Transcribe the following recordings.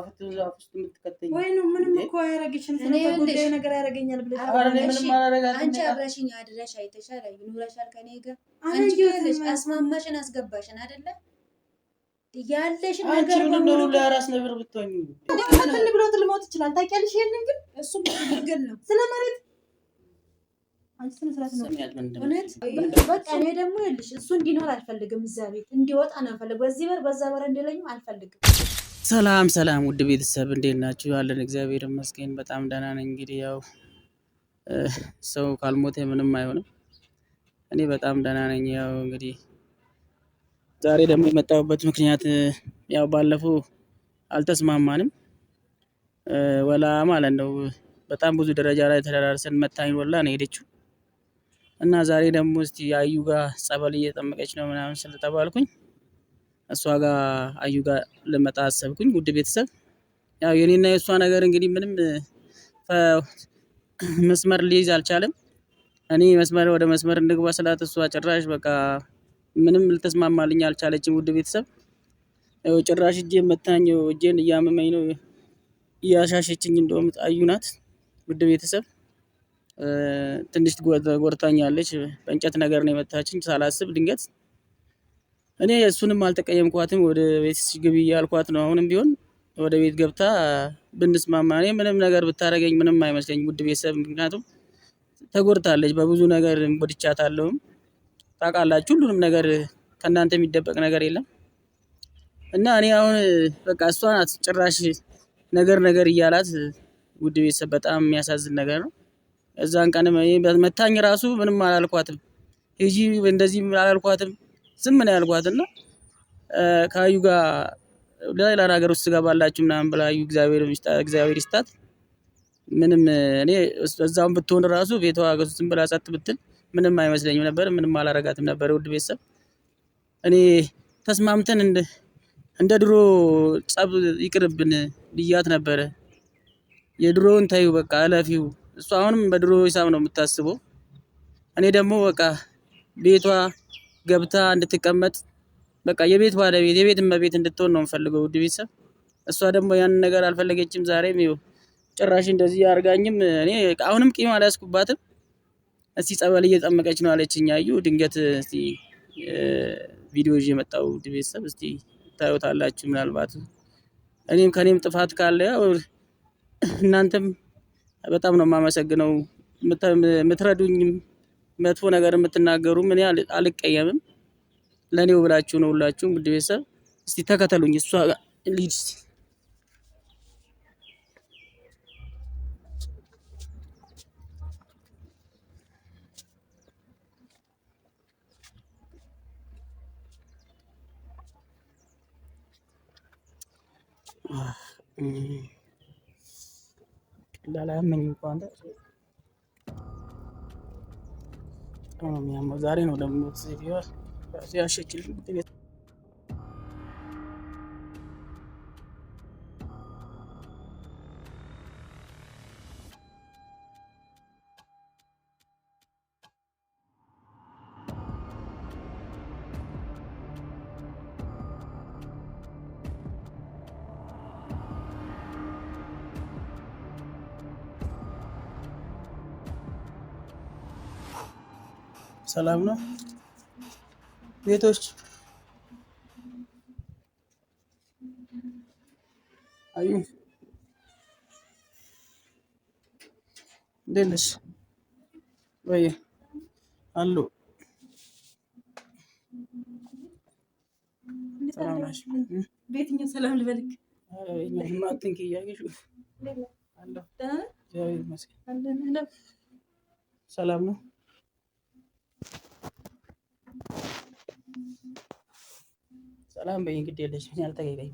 አፍስቱ የምትከተኝ ወይ ነው። ምንም እኮ አያረግሽም። ስለተጎዳይ ነገር ያረገኛል ብለሽ አንቺ አብረሽኝ አድረሽ አይተሻል፣ ኑረሻል ከኔ ጋር። አንቺ አስማማሽን አስገባሽን አይደለ ያለሽን ነገር በሙሉ ለራስ ነብር ብትሆኝ ብሎ ልሞት ይችላል። ታውቂያለሽ። ይሄንን ግን እሱ ግግል ነው ስለመሬት በቃ እኔ ደግሞ ይኸውልሽ እሱ እንዲኖር አልፈልግም። እዚያ ቤት እንዲወጣ ነው አልፈልግም። በዚህ በር በዛ በር እንዲለኝም አልፈልግም። ሰላም ሰላም፣ ውድ ቤተሰብ እንዴት ናችሁ? ያለን እግዚአብሔር ይመስገን በጣም ደህና ነኝ። እንግዲህ ያው ሰው ካልሞተ ምንም አይሆንም። እኔ በጣም ደህና ነኝ። ያው እንግዲህ ዛሬ ደግሞ የመጣሁበት ምክንያት ያው ባለፈው አልተስማማንም ወላ ማለት ነው። በጣም ብዙ ደረጃ ላይ ተደራርሰን መታኝ ወላ ነው ሄደችው እና ዛሬ ደግሞ እስቲ አዩ ጋር ጸበል እየጠመቀች ነው ምናምን ስለተባልኩኝ እሷ ጋር አዩ ጋር ልመጣ አሰብኩኝ። ውድ ቤተሰብ ያው የኔና የእሷ ነገር እንግዲህ ምንም መስመር ሊይዝ አልቻለም። እኔ መስመር ወደ መስመር እንግባ ስላት እሷ ጭራሽ በቃ ምንም ልተስማማልኝ አልቻለችም። ውድ ቤተሰብ ጭራሽ እጄ መታኝ፣ እጄን እያመመኝ ነው እያሻሸችኝ እንደውም አዩ ናት። ውድ ቤተሰብ ትንሽ ጎርታኛለች በእንጨት ነገር ነው የመታችን ሳላስብ ድንገት። እኔ እሱንም አልተቀየምኳትም። ወደ ቤት ግቢ እያልኳት ነው። አሁንም ቢሆን ወደ ቤት ገብታ ብንስማማ፣ እኔ ምንም ነገር ብታደርገኝ ምንም አይመስለኝ ውድ ቤተሰብ። ምክንያቱም ተጎድታለች፣ በብዙ ነገር ጎድቻታለሁም። ታውቃላችሁ፣ ሁሉንም ነገር ከእናንተ የሚደበቅ ነገር የለም። እና እኔ አሁን በቃ እሷ ናት ጭራሽ ነገር ነገር እያላት ውድ ቤተሰብ፣ በጣም የሚያሳዝን ነገር ነው። እዛን ቀን መታኝ ራሱ ምንም አላልኳትም። ሂጂ እንደዚህ አላልኳትም። ዝም ነው ያልኳት እና ከአዩ ጋር ለሌላ ሀገር ውስጥ ትገባላችሁ ምናምን ብላ አዩ እግዚአብሔር ይስጣት። ምንም እኔ እዛውን ብትሆን ራሱ ቤቷ ዝም ብላ ጸጥ ብትል ምንም አይመስለኝም ነበር። ምንም አላረጋትም ነበር። ውድ ቤተሰብ እኔ ተስማምተን እንደ ድሮ ጸብ ይቅርብን ልያት ነበረ። የድሮውን ታዩ በቃ እለፊው እሱ አሁንም በድሮ ሂሳብ ነው የምታስበው። እኔ ደግሞ በቃ ቤቷ ገብታ እንድትቀመጥ በቃ የቤት ባለቤት የቤት እመቤት እንድትሆን ነው የምፈልገው ውድ ቤተሰብ። እሷ ደግሞ ያንን ነገር አልፈለገችም። ዛሬም ይኸው ጭራሽ እንደዚህ አርጋኝም። እኔ አሁንም ቂም አልያዝኩባትም። እስቲ ጸበል እየጠመቀች ነው አለችኝ። አዩ ድንገት እስቲ ቪዲዮ ይዤ የመጣው ውድ ቤተሰብ እስቲ ታዩታላችሁ ምናልባት እኔም ከኔም ጥፋት ካለ እናንተም በጣም ነው የማመሰግነው። የምትረዱኝም መጥፎ ነገር የምትናገሩም እኔ አልቀየምም። ለእኔው ብላችሁ ነው ሁላችሁም ውድ ቤተሰብ እስቲ ተከተሉኝ። እሷ ልጅ ቀላል አያመኝም እኮ አንተ። በጣም ነው የሚያመው። ዛሬ ነው ደግሞ ሴትዮዋ ቤት ሰላም ነው ቤቶች አዩ እንዴት ነሽ? ወይ አሉ ቤትኛ ሰላም ልበልክ ማትንክ እያየሽ ሰላም ነው። ሰላም በይኝ ግድ የለሽ ምን ያልተገኘኝ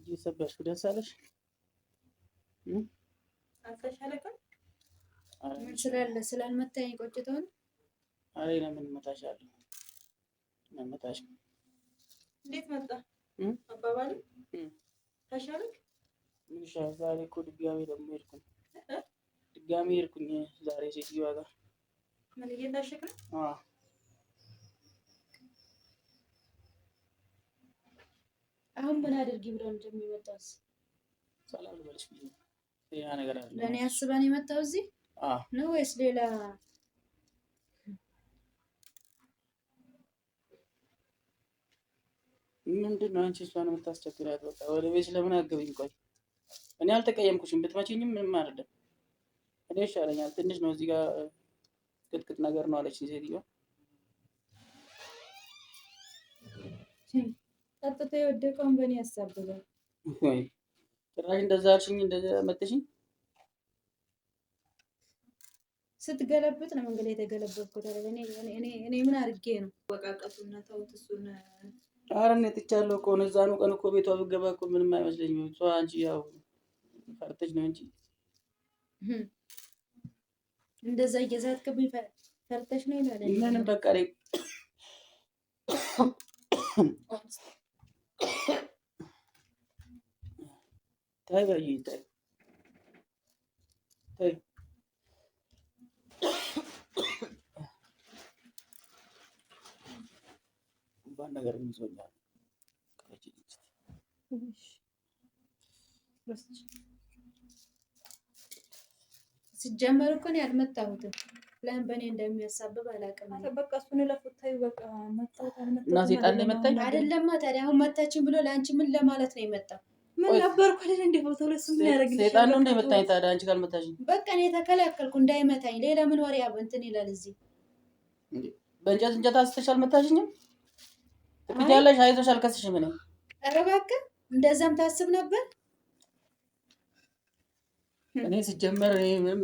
እየሰበርሽ ደስ አለሽ። ምን ስላለ ስላልመታኝ ቆጭቶን አሬ ለምን መታሽ አለ ለምን መታሽ እንዴት መጣ አባባልም ተሻለክ ምን ዛሬ እኮ ድጋሜ ደግሞ ሄድኩኝ፣ ድጋሜ ሄድኩኝ ዛሬ ሴትዮዋ ጋር ምን እየታሸክ ነው? አሁን ምን አድርጊ ብሎ እንደሚመጣስ ሰላም ልበልሽ ብዬ ያ ነገር አለ ለእኔ አስበን የመጣው እዚህ ነው ወይስ ሌላ ምንድን ነው? አንቺ እሷን የምታስቸግሪያት? በቃ ወደ ቤት ለምን አገብኝ? ቆይ እኔ አልተቀየምኩሽም። ብትመቸኝም ምንም አይደለም። እኔ ይሻለኛል። ትንሽ ነው እዚህ ጋር ቅጥቅጥ ነገር ነው አለችኝ ሴትዮዋ። ጠጥቶ የወደቀውን በእኔ ያሳብዛል። ጭራሽ እንደዛ አልሽኝ፣ እንደዛ መተሽኝ። ስትገለብጥ ነው መንገድ የተገለበጥኩት። እኔ ምን አድርጌ ነው ወቃቀሱና ተውት እሱን አረ እኔ ትቻለሁ እኮ እዛኑ ቀን እኮ ቤቷ ብገባ እኮ ምንም አይመስለኝም። እሷ አንቺ ያው ፈርተሽ ነው እንጂ እንደዛ እየዛትክብኝ ፈርተሽ ነው ይላል። ምንም በቃ ላይ ታይ ባይ ታይ ታይ ባን ነገር ይዞኛል። ሲጀመር እኮ እኔ አልመጣሁትም። ለምን በእኔ እንደሚያሳብብ አላውቅም። በቃ እሱን ለፉት ታዩ በቃ መጣሁት አልመጣሁም አይደለማ። ታዲያ አሁን መታችን ብሎ ለአንቺ ምን ለማለት ነው የመጣው? ምን ነበር አይደል እንደ ፎቶ ለሱ ምን ያደርግልሽ? ሰይጣን ነው እንዳይመታኝ። ታዲያ አንቺ ካልመታሽኝ በቃ እኔ ተከላከልኩ እንዳይመታኝ። ሌላ ምን ወሬ አብ እንትን ይላል እዚህ በእንጨት እንጨት አስተሽ አልመታሽኝም። ትክጃለሽ፣ አይዞሽ፣ አልከስሽም። ምን ኧረ እባክህ እንደዛም ታስብ ነበር እኔ ስጀመር ምንም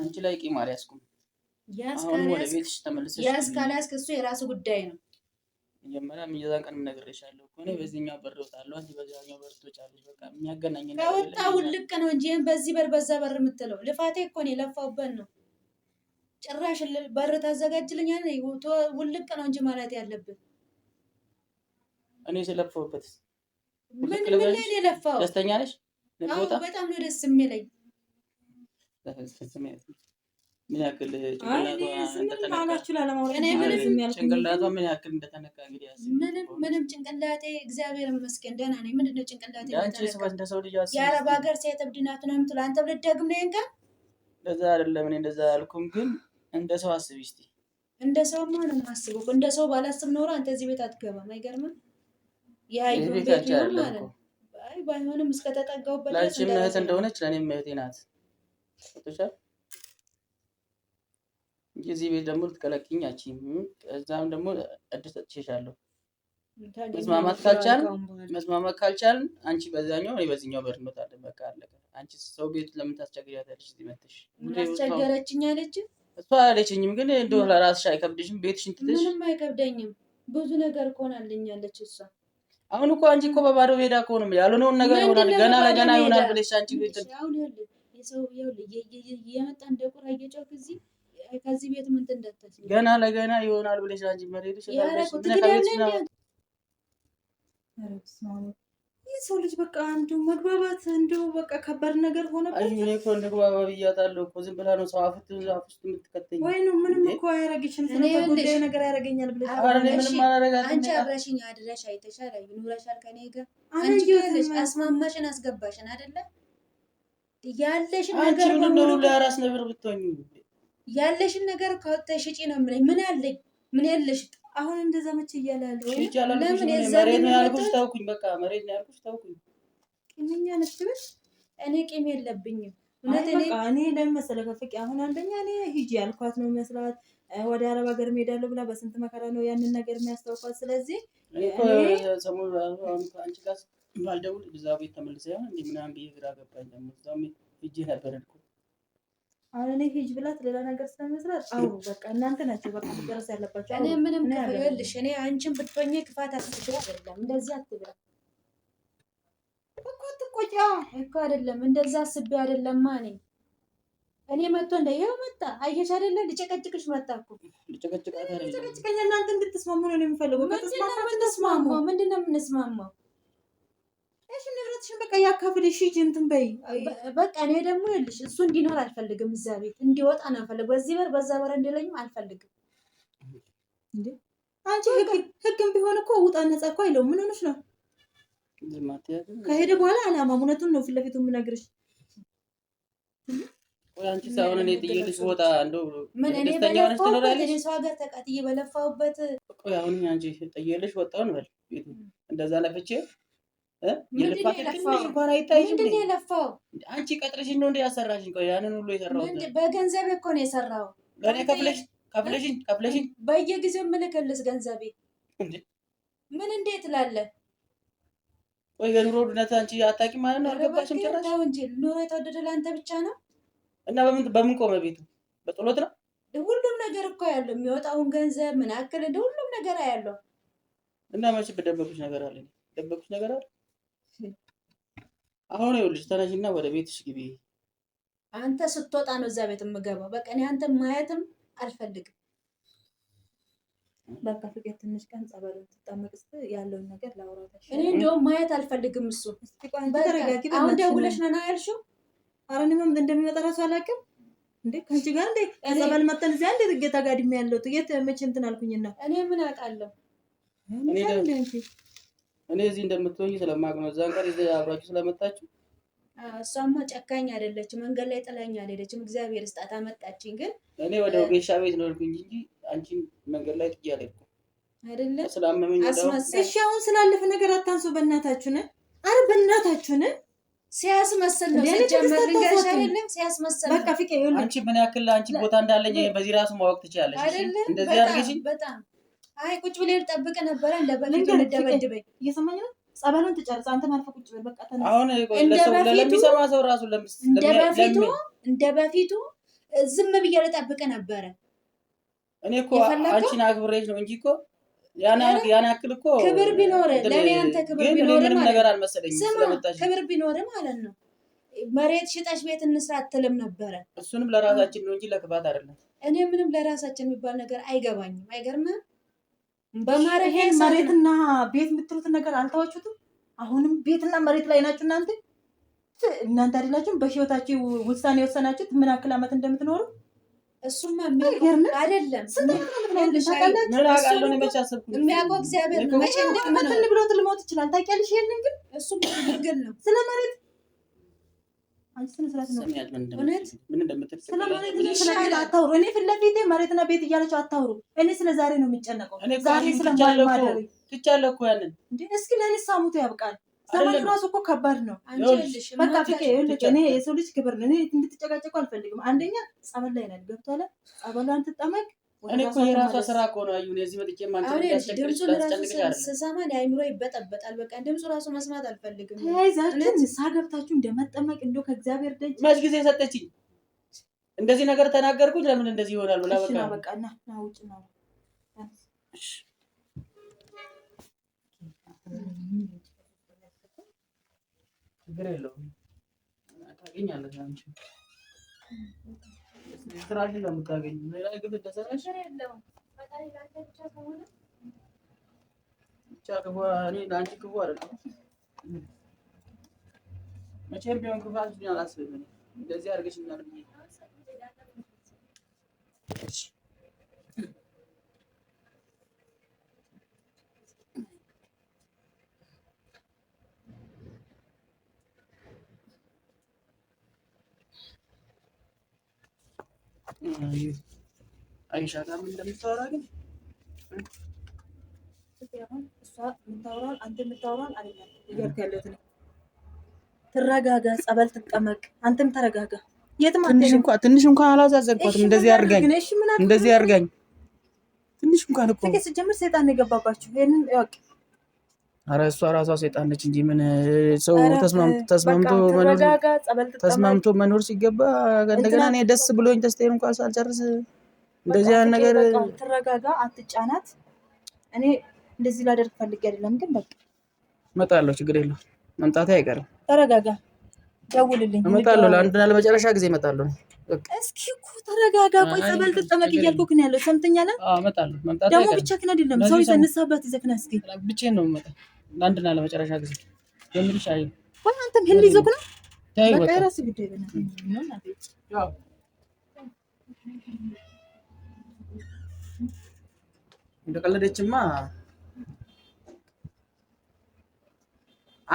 አንቺ ላይ ቂም አልያዝኩም። ያዝ ካልያዝክ እሱ የራሱ ጉዳይ ነው። መጀመሪያ የዛን ቀን እነግርሻለሁ እኮ እኔ በዚህኛው በር እወጣለሁ፣ አንቺ በዚያኛው በር ትወጫለሽ። በቃ የሚያገናኝ ከወጣሁ ውልቅ ነው እንጂ በዚህ በር በዛ በር የምትለው ልፋቴ እኮ ነው የለፋሁበት ነው። ጭራሽ በር ታዘጋጅልኛል። ውልቅ ነው እንጂ ማለት ያለብን እኔ ስለፈውበት ምን ምን ላይ ነው የለፋው። ደስተኛ ነሽ? በጣም ነው ደስ የሚለኝ ስሜት ምን ያክል ጭንቅላቷ ምን ምንም ጭንቅላቴ እግዚአብሔር ይመስገን ደህና ነኝ። ምንድን ነው ጭንቅላቴ የአረብ ሀገር ሴት እብድ ናት ነው የምትለው አንተ ብለህ ነው ይንቀል እንደዛ አይደለም። እኔ እንደዛ አልኩም፣ ግን እንደ ሰው አስቢ እስኪ። እንደ ሰው ማ ነው እንደ ሰው ባላስብ ኖሮ አንተ እዚህ ቤት አትገባም። አይገርምም? የሀይሉ ቤት ማለት ነው። ባይሆንም እስከተጠጋሁበት ለአንቺም እህት እንደሆነች ለእኔም እህቴ ናት። ሰጥሻል። እዚህ ቤት ደግሞ ልትቀለቅኝ አችም እዛም ደግሞ እድል ሰጥቼሻለሁ። መስማማት ካልቻልን መስማማት ካልቻልን አንቺ በዛኛው እኔ በዚህኛው በር እንወጣለን። በቃ አለቀ። አንቺ ሰው ቤት ለምን ታስቸግሪያታለሽ? እዚህ መጥተሽ አስቸገረችኝ አለችኝ። እሷ አላለችኝም፣ ግን እንደው ለራስሽ አይከብድሽም? ቤትሽን ትልሽ ምንም አይከብደኝም። ብዙ ነገር ከሆናልኛለች እሷ አሁን እኮ አንቺ እኮ በባዶ ሜዳ ከሆንም ያልሆነውን ነገር ይሆናል። ገና ለገና ይሆናል ብለሽ አንቺ ቤት ሰው እየመጣ እንደ ቁራ እየጮክ እዚህ ከዚህ ቤት ምንት እንደተስ ገና ለገና ይሆናል ብለሽ አንቺ መሬት ይህ ሰው ልጅ በቃ አንዱ መግባባት እንደው በቃ ከባድ ነገር ሆነ። እኔ እኮ እንግባባብ እያጣለሁ እኮ ዝም ብላ ነው ሰው አፍት ዛፍ ውስጥ የምትከተኝ ወይ ነው። ምንም እኮ አያረግሽም። ስለተጎዳይ ነገር ያደረገኛል ብለሽ ምንም አላረጋት። አንቺ አብረሽኝ አድረሽ አይተሻል፣ ኑረሻል ከኔ ጋር አንቺ አስማማሽን አስገባሽን አይደለም ያለሽን ነገር በሙሉ ለራስ ነበር ብትሆኝ ያለሽን ነገር ካወጣሽ ሽጪ ነው የምለኝ። ምን አለኝ? ምን ያለሽ? አሁን እንደዛ መቼ እያለ ያለ ለምን መሬት ነው ያልኩሽ? ተውኩኝ፣ በቃ መሬት ነው ያልኩሽ ተውኩኝ። ቂምኛ ነትብሽ? እኔ ቂም የለብኝም እውነት። እኔ ለምን መሰለህ ፍቄ፣ አሁን አንደኛ እኔ ሂጂ ያልኳት ነው መስራት ወደ አረብ ሀገር ሄዳለሁ ብላ በስንት መከራ ነው ያንን ነገር የሚያስታውኳት። ስለዚህ ሰሞኑን አንቺ ጋር ባልደውል ብዛ ቤት ተመልሰ ሆን እንዲ ምናምን ብዬ ግራ ገባኝ። ደግሞ እዛም ሂጅ ነበር ልኩ አሁን እኔ ሂጅ ብላት ሌላ ነገር ስለመስራት አሁ በቃ እናንተ ናቸው በቃ መጨረስ ያለባቸው። እኔ ምንም ልሽ እኔ አንቺን ብትሆኝ ክፋት አስችል አይደለም እንደዚህ አትብላ እኮ ትቆጫ እኮ አይደለም እንደዛ አስቤ አይደለማ ማኔ እኔ መጥቶ እንደ ይኸው መጣ አየሽ አይደለ ልጨቀጭቅሽ መጣ እኮ ልጨቀጭቀኝ እናንተ እንድትስማሙ ነው የሚፈልገው። ምንድነው የምንስማማው? ምንድነው የምንስማማው? እሺ ንብረትሽን በቃ ያካፍልሽ ሂጂ እንትን በይ በቃ። እኔ ደግሞ ይኸውልሽ እሱ እንዲኖር አልፈልግም፣ እዛ ቤት እንዲወጣ ነው አልፈልግም። በዚህ በር በዛ በር እንዲለኝም አልፈልግም። እንዴ አንቺ ህግም ቢሆን እኮ ውጣ ነጻ እኮ አይለውም። ምን ሆነሽ ነው? ከሄደ በኋላ አላማ እውነቱን ነው ፊት ለፊቱ የምነግርሽ። አንቺስ ተቃጥዬ በለፋሁበት አሁን አንቺ ጥዬልሽ ወጣሁ እንበል እንደዛ ለፍቼ ምንድን የለፋው አንቺ ቀጥረሽኝ ነው እንደ ያሰራሽኝ? ቆይ ያንን ሁሉ የሰራሁት በገንዘብ እኮ ነው የሰራው። ለእኔ ከፍለሽ ከፍለሽኝ ከፍለሽኝ በየጊዜው ገንዘቤ ምን እንዴት ላለ ቆይ የኑሮ ውድነት አንቺ አታውቂም ማለት ነው? አልገባሽም እንጂ ኑሮ የተወደደ ለአንተ ብቻ ነው። እና በምን ቆመ ቤቱ? ነው ሁሉም ነገር እኮ ያለው የሚወጣውን ገንዘብ ምን ያክል እንደ ሁሉም ነገር ያለው እና መቼ ነገር አለ ደበኩሽ ነገር አለ አሁን ይኸውልሽ ተነሽና ወደ ቤትሽ ግቢ። አንተ ስትወጣ ነው እዛ ቤት የምገባው። በቃ እኔ አንተ ማየትም አልፈልግም። በቃ ፍቅር ትንሽ ቀን ጸበል ትጠመቅ ስትል ያለውን ነገር ላውራታሽ። እኔ እንደውም ማየት አልፈልግም። እሱ አሁን ደውለሽ ነና ያልሽው ኧረ እኔ እንደሚመጣ እራሱ አላውቅም። እንዴ ከንቺ ጋር እንዴ ጸበል መጠን እዚያ እንዴት ትጌ ተጋድሜ ያለሁት የት መቼ እንትን አልኩኝና እኔ ምን አውቃለሁ እኔ እኔ እዚህ እንደምትሆኝ ስለማቅ ነው። እዛን ቀን አብራችሁ ስለመጣችሁ እሷማ ጨካኝ አይደለችም። መንገድ ላይ ጥላኝ አልሄደችም። እግዚአብሔር ስጣት አመጣችኝ። ግን እኔ ወደ ወገሻ ቤት ነው ያልኩኝ እንጂ አንቺን መንገድ ላይ ጥዬ አልሄድኩም። አይደለም ስላመመኝ እሺ። አሁን ስላለፈ ነገር አታንሱ። በእናታችሁን አረ በእናታችሁን ሲያስመሰል ነው ሲጀመር ልንገርሽ፣ አይደለም ሲያስመሰል በቃ ፍቄ አንቺ ምን ያክል አንቺ ቦታ እንዳለኝ በዚህ ራሱ ማወቅ ትችላለች። እንደዚህ አድርገሽ በጣም አይ ቁጭ ብለን ጠብቀህ ነበረ። እንደ በፊቱ እንደበድበኝ እየሰማኝ ነው። ጸበሉን ትጨርስ አንተ ማርፈ ቁጭ በል በቃ ተነስ። አሁን ለሚሰማ ሰው ራሱ እንደበፊቱ እንደበፊቱ ዝም ብዬ ልጠብቅህ ነበረ። እኔ እኮ አንቺን አክብሬሽ ነው እንጂ እኮ ያን ያክል እኮ ክብር ቢኖር ለእኔ አንተ ክብር ቢኖር ነገር አልመሰለኝም። ክብር ቢኖር ማለት ነው መሬት ሽጠሽ ቤት እንስራ አትልም ነበረ። እሱንም ለራሳችን ነው እንጂ ለክባት አይደለም። እኔ ምንም ለራሳችን የሚባል ነገር አይገባኝም። አይገርምም ይሄን መሬትና ቤት የምትሉትን ነገር አልተዋችሁትም? አሁንም ቤትና መሬት ላይ ናችሁ እናንተ እናንተ አይደላችሁም በህይወታችሁ ውሳኔ የወሰናችሁት ምን አክል ዓመት እንደምትኖሩ እሱማ አይደለም። የሚያውቀው እግዚአብሔር ነው። መቼ እንደምን ብሎት ልሞት ይችላል። ታውቂያለሽ። ይሄንን ግን እሱ ግልግል ነው ስለ መሬት አንቺ እኔ ፊት ለፊቴ መሬትና ቤት እያለች አታውሩ። እኔ ስለ ዛሬ ነው የሚጨነቀው። ዛሬ ስለማለማደሪ ትቻለሁ እኮ ያንን እስኪ ለእኔ ሳሙት ያብቃል። ዘመን ራሱ እኮ ከባድ ነው። እኔ የሰው ልጅ ክብር ነው። እኔ እንድትጨቃጨቁ አልፈልግም። አንደኛ ጸበል ላይ ነን ገብቷል። ጸበል አንትጠመቅ እኔ እኮ የራሷ ስራ እኮ ነው። አዩ እዚህ መጥቼ ስሰማ አይምሮ ይበጠበጣል። በቃ ድምፁ ራሱ መስማት አልፈልግም። ተያይዛችን ንሳ ገብታችሁ እንደመጠመቅ እንደ ከእግዚአብሔር ደጅ መች ጊዜ ሰጠችኝ። እንደዚህ ነገር ተናገርኩኝ። ለምን እንደዚህ ይሆናል? በቃ ና ውጭ ነው ችግር የለውም። ታገኛለህ አንቺ ስራሽን ነው የምታገኝ። ሌላ ግብ እንደሰራሽ ብቻ ክፉ እኔ ለአንቺ ክፉ አይደለም። መቼም ቢሆን ክፋት አላስብም። እንደዚህ አድርገሽኛል ብዬ አይሻ ጋር ምን እንደምታወራ ግን ትረጋጋ፣ ጸበል ትጠመቅ፣ አንተም ተረጋጋ። የትም ትንሽ እንኳን ትንሽ እንኳን አላዛዘንኳትም። እንደዚህ አድርጋኝ እንደዚህ አድርጋኝ ትንሽ እንኳን እኮ ስጀምር ሰይጣን የገባባችሁ ይህንን ያውቅ ኧረ እሷ ራሷ ሴጣን ነች እንጂ ምን ሰው ተስማምቶ መኖር ሲገባ እንደገና እኔ ደስ ብሎኝ ተስቴር እንኳ ሳልጨርስ እንደዚህ ያን ነገር ትረጋጋ፣ አትጫናት። እኔ እንደዚህ ላደርግ ፈልጌ አይደለም፣ ግን በቃ እመጣለሁ። ችግር የለውም፣ መምጣት አይቀርም። ተረጋጋ፣ ደውልልኝ፣ እመጣለሁ። ለአንድና ለመጨረሻ ጊዜ እመጣለሁ። እስኪ እኮ ተረጋጋ። ቆይ ጸበል ተጠመቅ እያልኩህ ነው ያለው። ሰምተኛለህ ደግሞ ብቻህን አይደለም ሰው ይዘህ ንስሐ አባት ይዘህ ና እስኪ ብቻዬን ነው የምመጣው ለአንድና ለመጨረሻ ጊዜ ጀምርሽ። አይ ወይ አንተም ህል ይዘኩ ነው ራስ ጉዳይ እንደቀለደችማ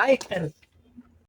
አይቀርም።